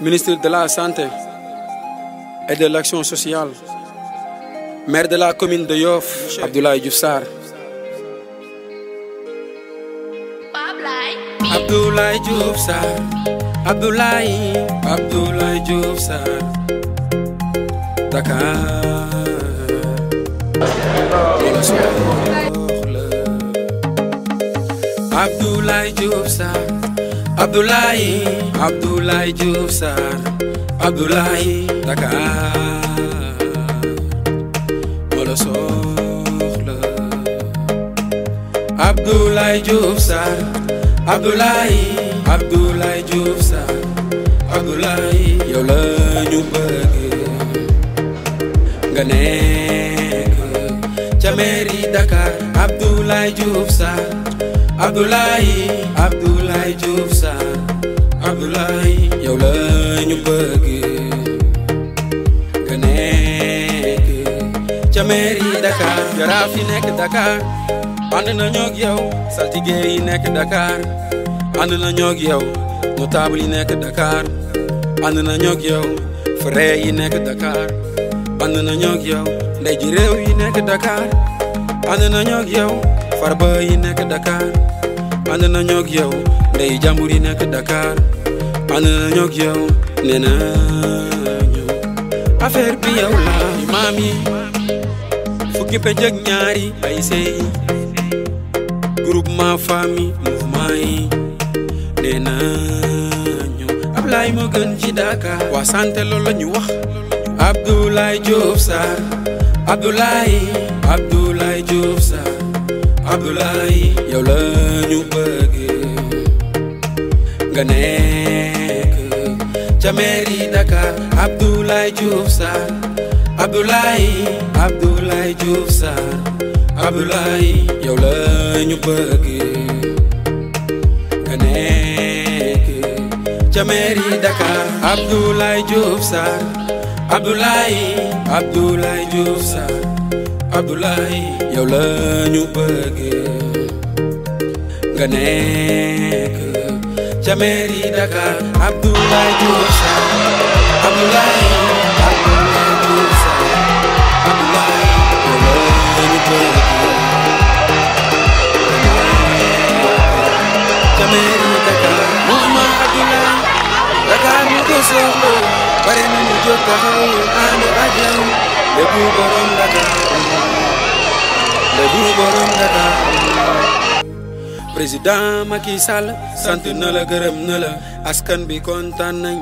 ministre de la Santé et de l'Action sociale, maire de la commune de Yoff, Abdoulaye Diouf Sarr. Abdoulaye Dakar wala soxla Abdoulaye Abdoulaye Diouf Sarr Abdoulaye Dakar soxla Abdoulaye Diouf Sarr Abdoulaye la ñu bëgg nga ca mairie Dakar Abdoulaye Diouf Abdoulaye Abdoulaye Diouf Sarr Abdoulaye yow bëgg nga nekk ca mairie Dakar jaraaf yi nekk Dakar ànd nañoo ak yow saltige yi nekk Dakar ànd nañoo ak yow notable yi nekk Dakar ànd nañoo ak yow frère yi nekk Dakar ànd nañoo ak yow ndey ji réew yi Dakar ànd nañoo ak yow. farba yi nekk Dakar ànd na ñoog yow ndey jàmbur yi nekk Dakar ànd na ñoog yow nee na ñu affaire bi yow maam yi fukki pej ñaari ay sey groupement famille mouvement yi nee na ñu Ablaye moo gën ci Dakar waa santé loolu la ñu wax Abdoulaye Diouf Sarr Abdoulaye Abdoulaye Diouf Sarr Abdoulaye yow la ñu bëgg nga nekk ca mairie Dakar Abdoulaye Diouf Sarr Abdoulaye Abdoulaye Diouf Sarr Abdoulaye ñu bëgg nga nekk ca mairie Dakar Abdoulaye Diouf Sarr Abdoulaye Abdoulaye Abdoulaye yow la ñu bëgg nga nekk ca mairie Dakar Abdoulaye Diouf Sarr Abdoulaye Abdoulaye Diouf Sarr Abdoulaye yow la ñu bëgg ca mairie Dakar mouvement Abdoulaye Dakar ñu ko soxla bare nañu jóg taxaw ànd ak yow da borom Dakar président makisal sant na la gërëm askan bi kontaan nañ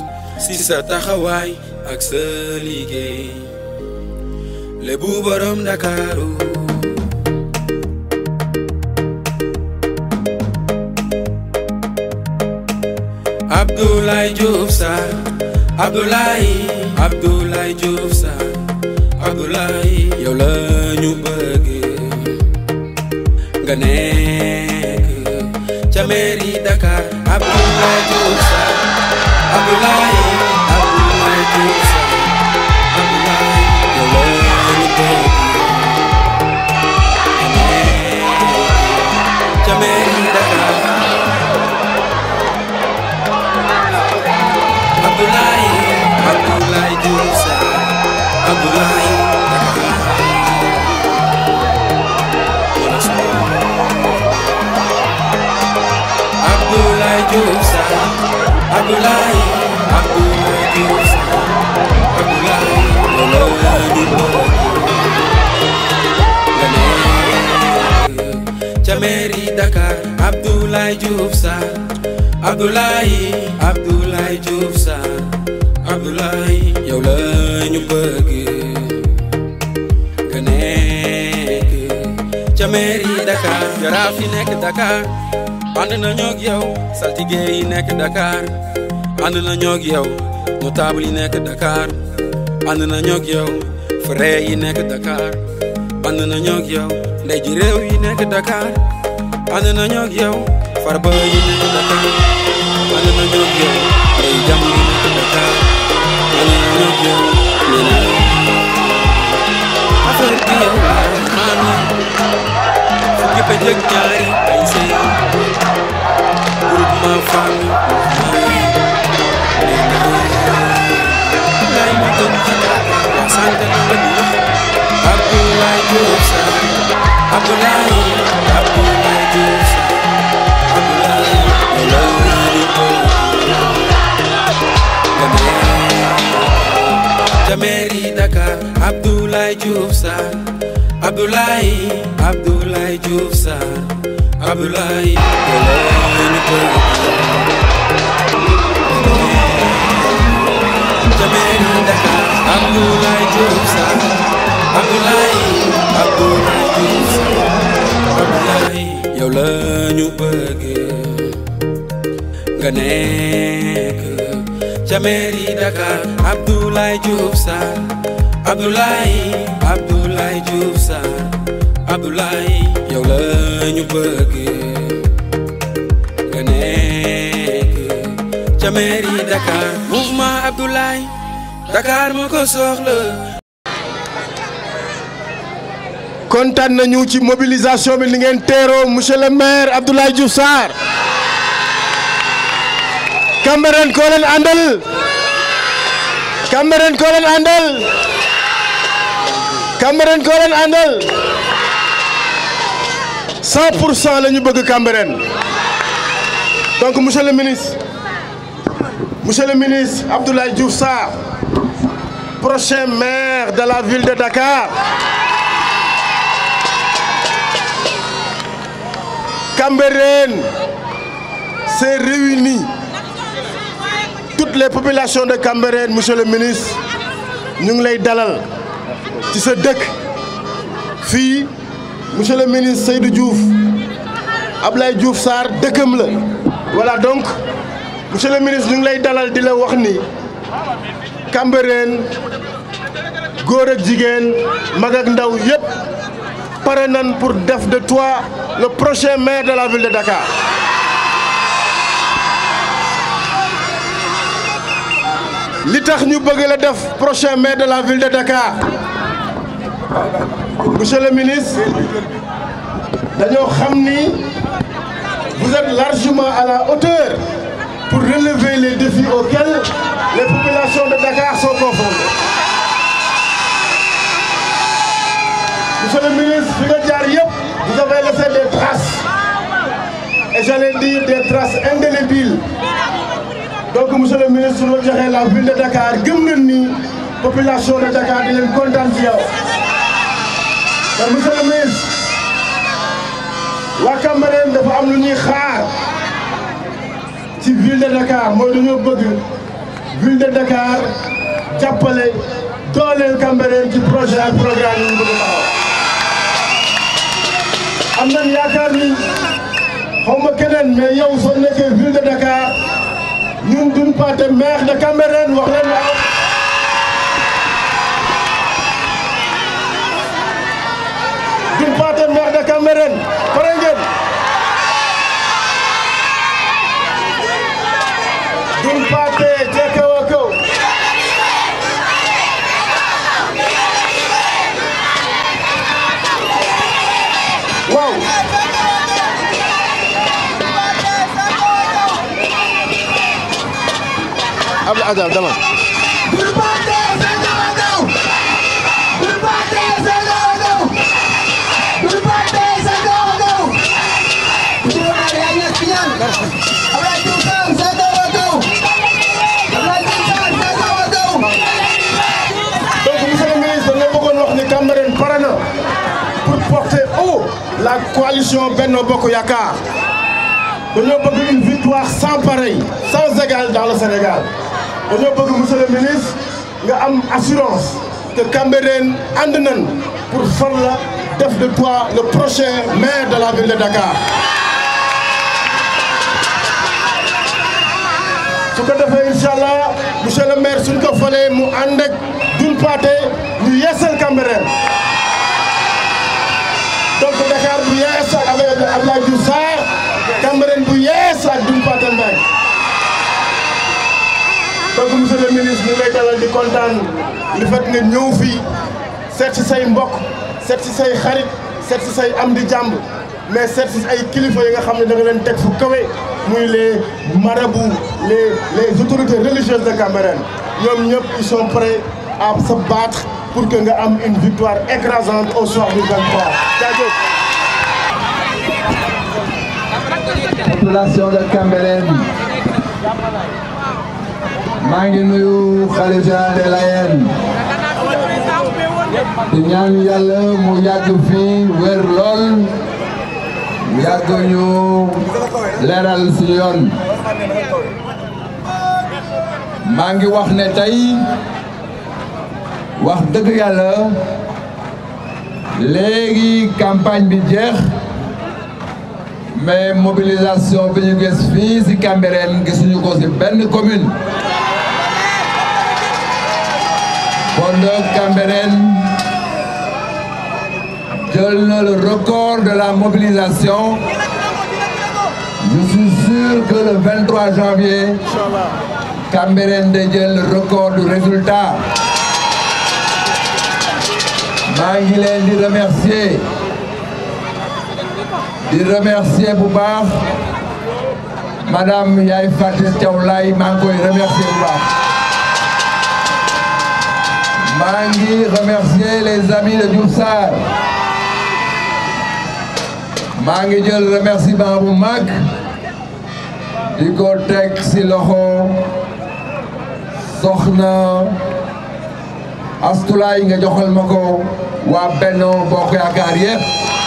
si sa taxawaay ak sa liggéey lébu borom Dakaru Abdoulaye Diouf Abdoulaye yow la ñu bëgg nga ca mairie Dakar Abdoulaye Diouf Sarr Abdoulaye la ñu bëgg nga ca mairie Dakar Abdoulaye Abdoulaye Abdoulaye Diouf Sarr Abdoulaye Abdoulaye Diouf Sarr Abdoulaye nekk Dakar ànd nañoo ak yow saltige yi nekk Dakar ànd nañoo ak yow notable yi nekk Dakar ànd nañoo ak yow frère yi nekk Dakar ànd nañoo ak yow ndey ji réew yi nekk Dakar ànd nañoo ak yow farba jëg ñaari ay sëy groupement famille lay mi gën xalaat waa sant la gën wax Abdoulaye Diouf Sarr Abdoulaye Abdoulaye Diouf Sarr Abdoulaye Jameeri Dakar Abdoulaye Diouf Sarr Abdoulaye Abdoulaye Diouf Sarr Abdoulaye Abdoulaye Diouf Sarr Abdoulaye Abdoulaye Diouf Sarr Abdoulaye yow la ñu bëgg nga nekk ca mairie Dakar Abdoulaye Diouf Sarr Abdoulaye Abdoulaye Abdoulaye yow la ñu bëgg nga ci mobilisation bi ni ngeen teeroo monsieur cent pour cent la ñu bëgg Cambérène donc monsieur le ministre monsieur le ministre Abdoulaye Diouf Sarr prochain maire de la ville de Dakar Cambérène s'est réunie toutes les populations de Cambérène monsieur le ministre ñu ngi lay dalal ci sa dëkk fii monsieur le ministre Seydou Diouf Ablaye Diouf Sarr dëkkam la voilà donc monsieur le ministre ñu ngi lay dalal di la wax ni Cambérène góor ak jigéen mag ak ndaw yëpp pare nan pour def de toi le prochain maire de la ville de Dakar li tax ñu bëgg la def prochain maire de la ville de Dakar monsieur le ministre dañoo xam ni vous êtes largement à la hauteur pour relever les défis auxquels les populations de Dakar sont confrontées. Monsieur le ministre fi jaar yëpp vous avez laissé des traces et j'allais des traces indélébiles donc monsieur le ministre su ma la ville de Dakar gëm ni population de Dakar di leen kontaan ci kon monsieur le waa Cambérène dafa am lu ñuy xaar ci ville de Dakar mooy dañoo bëgg ville de Dakar jàppale dooleel Cambérène ci projet ak programme yi ñu bëgg taxaw am nañ yaakaar ni xaw ma keneen yow soo nekkee ville de Dakar ñun duñ parti maire de Cambérène wax leen waaw d'une vingtaine maire de Cambérène pare ngeen d'une vingtaine ca kaw a kaw waaw Abdou Azar dama coalition Benno Bokk Yaakaar dañoo bëgg une victoire sans pareil sans égal dans le Sénégal dañoo bëgg monsieur ministre nga am assurance que Cambérène ànd pour far la def de toi le prochain maire de la ville de Dakar su ko defee incha allah monsieur maire suñ ko falee mu ànd ak Doul Pathé ñu yeesal Dakar bu yees ak avec Abdoulaye Diouf Sarr Cambérène bu yees ak Doudou Fata Mbaye donc monsieur ministre ñu lay dalal di kontaan li fekk nga ñëw fii seet si say mbokk seet si say xarit seet si say am di jàmb mais seet si ay kilifa yi nga xam ne da leen teg fu kawe muy les bu les les autorités religieuses de Cambérène ñoom ñëpp ils sont prêts à se battre pour que nga am une victoire écrasante au soir du 23 population de Cambérène maa ngi nuyu xalifa général des Layènes di yàlla mu yàgg fi wër lool yàgg ñu leeral si yoon maa ngi wax ne tey wax dëgg yàlla léegi campagne bi jeex mais mobilisation bi ñu gis fii si Cambérène gisuñu ko si benn commune kon Cambérène jël le record de la mobilisation je suis sûr que le janvier Cambérène de jël le record du résultat maa di remercier di remercier bu baax madame Yaay Fatou Thiaw Laye maa ngi koy remercier bu baax maa ngi remercier les amis de Diouf maa ngi jël remerciement bu mag di ko teg ci loxo soxna Astulaay nga joxal ma ko waa Benno Bokk Yaakaar yépp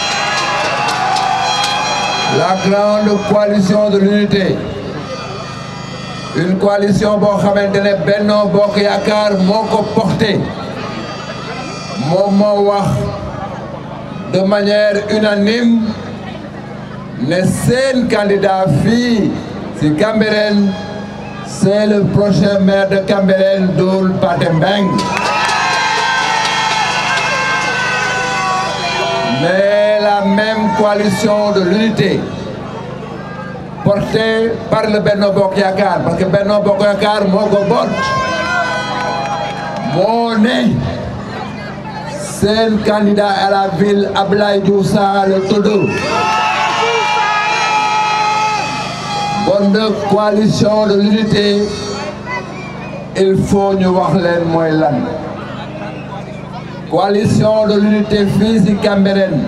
la grande coalition de l'unité une coalition boo xamante ne Benno Bokk Yaakaar moo ko porté moom moo wax de manière unanime ne seen candidat fii ci Cambérène c'est le prochain maire de Cambérène Doul Pathé Mbeng la même de l'unité portée par le Bokk Yaakaar parce que Bokk Yaakaar moo ko boot moo ne seen candidat à la ville Abdoulaye Diouf Sarr le tudd bon de l'unité il faut ñu wax leen mooy lan coalition de l'unité fii ci Cambérène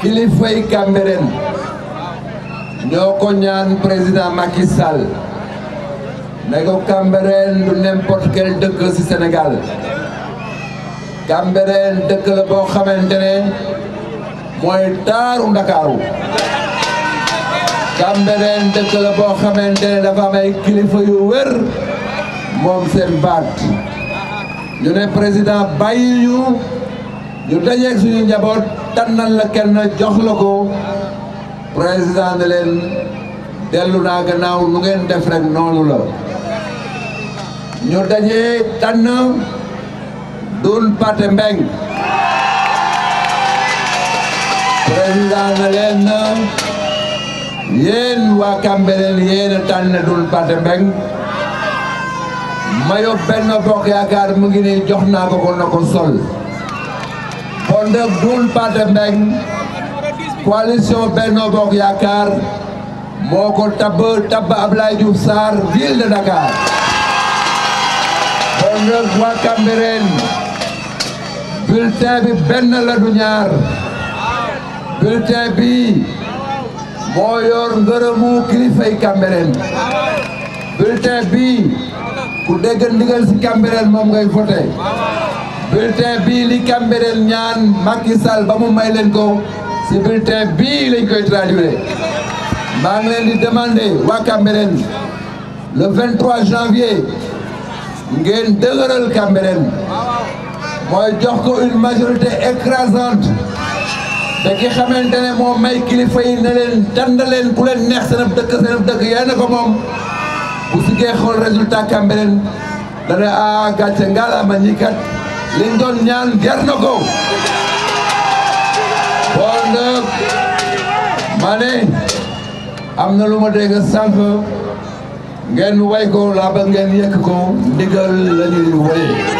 kilifay Cambérène ñoo ko ñaan président Macky Sall ne ko Cambérène du n'importe dëkk ci Sénégal Cambérène dëkk la boo xamante ne mooy taaru Ndakaaru Cambérène dëkk la boo xamante ne dafa am ay kilifa yu wér moom seen baat ñu ne président bàyyi ñu ñu dajeeg suñu njaboot tànnal la kenn jox la ko président ne leen dellu naa gannaaw lu ngeen def rek noonu la ñu dajee tànn Doune Pathé Mbengue président ne leen yéen waa Cambérène yéen a tànn Doune Pathé Mbengue mayo Benno Bokk Yaakaar mu ngi ne jox naa ko ko na sol Honorable Boun Pathé Mbeng coalition Benno Bokk Yaakaar moo ko tabb tabb Abdoulaye Diouf Sarr ville de Dakar honorable waa Cambérène bulletin bi benn la du ñaar bulletin bi moo yor ngërëmu kilifay Cambérène bulletin bi ku dégg ndigal ci Cambérène moom ngay voté bulletin bii li Cambérène ñaan Macky Sall ba mu may leen ko si bulletin bii lañ koy traduire maa ngi leen di demander waa Cambérène le 23 janvier ngeen dëgëral Cambérène mooy jox ko une majorité écrasante te ki xamante ne may kilifa yi ne leen tànn leen ku leen neex seen dëkk seen dëkk yéen ko moom bu si xool résultat Cambérène dana a ah, gàcce ngalaama ñi kat liñ doon ñaan ger na ko bon nag ma am na lu ma dégg sànq ngeen way ko laa ba ngeen yekk ko ndigal la ñuy